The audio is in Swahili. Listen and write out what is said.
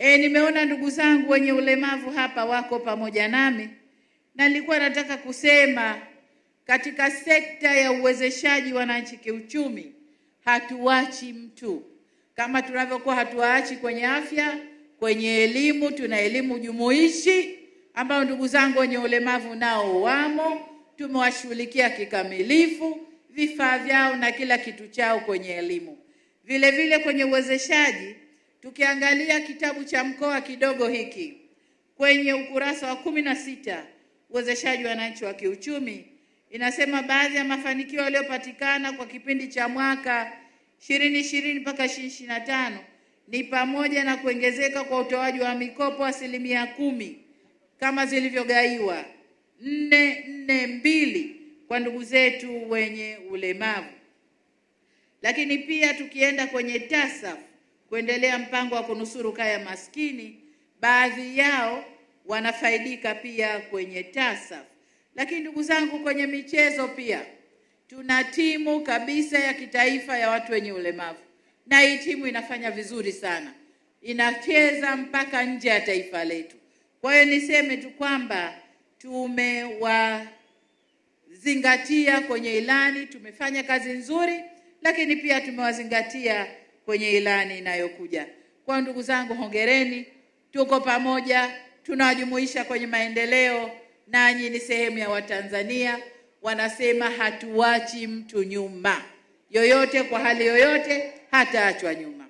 E, nimeona ndugu zangu wenye ulemavu hapa wako pamoja nami, na nilikuwa nataka kusema katika sekta ya uwezeshaji wananchi kiuchumi, hatuachi mtu kama tunavyokuwa hatuwaachi kwenye afya, kwenye elimu. Tuna elimu jumuishi ambayo ndugu zangu wenye ulemavu nao wamo, tumewashughulikia kikamilifu, vifaa vyao na kila kitu chao kwenye elimu. Vile vile kwenye uwezeshaji Tukiangalia kitabu cha mkoa kidogo hiki kwenye ukurasa wa kumi na sita uwezeshaji wananchi wa kiuchumi, inasema baadhi ya mafanikio yaliyopatikana kwa kipindi cha mwaka 2020 mpaka 2025 ni pamoja na kuongezeka kwa utoaji wa mikopo asilimia kumi kama zilivyogaiwa nne nne mbili kwa ndugu zetu wenye ulemavu, lakini pia tukienda kwenye TASAF kuendelea mpango wa kunusuru kaya maskini. Baadhi yao wanafaidika pia kwenye TASAF. Lakini ndugu zangu, kwenye michezo pia tuna timu kabisa ya kitaifa ya watu wenye ulemavu, na hii timu inafanya vizuri sana, inacheza mpaka nje ya taifa letu. Kwa hiyo niseme tu kwamba tumewazingatia kwenye ilani, tumefanya kazi nzuri, lakini pia tumewazingatia kwenye ilani inayokuja. Kwa ndugu zangu, hongereni, tuko pamoja, tunawajumuisha kwenye maendeleo, nanyi ni sehemu ya Watanzania. Wanasema hatuwachi mtu nyuma, yoyote kwa hali yoyote hataachwa nyuma.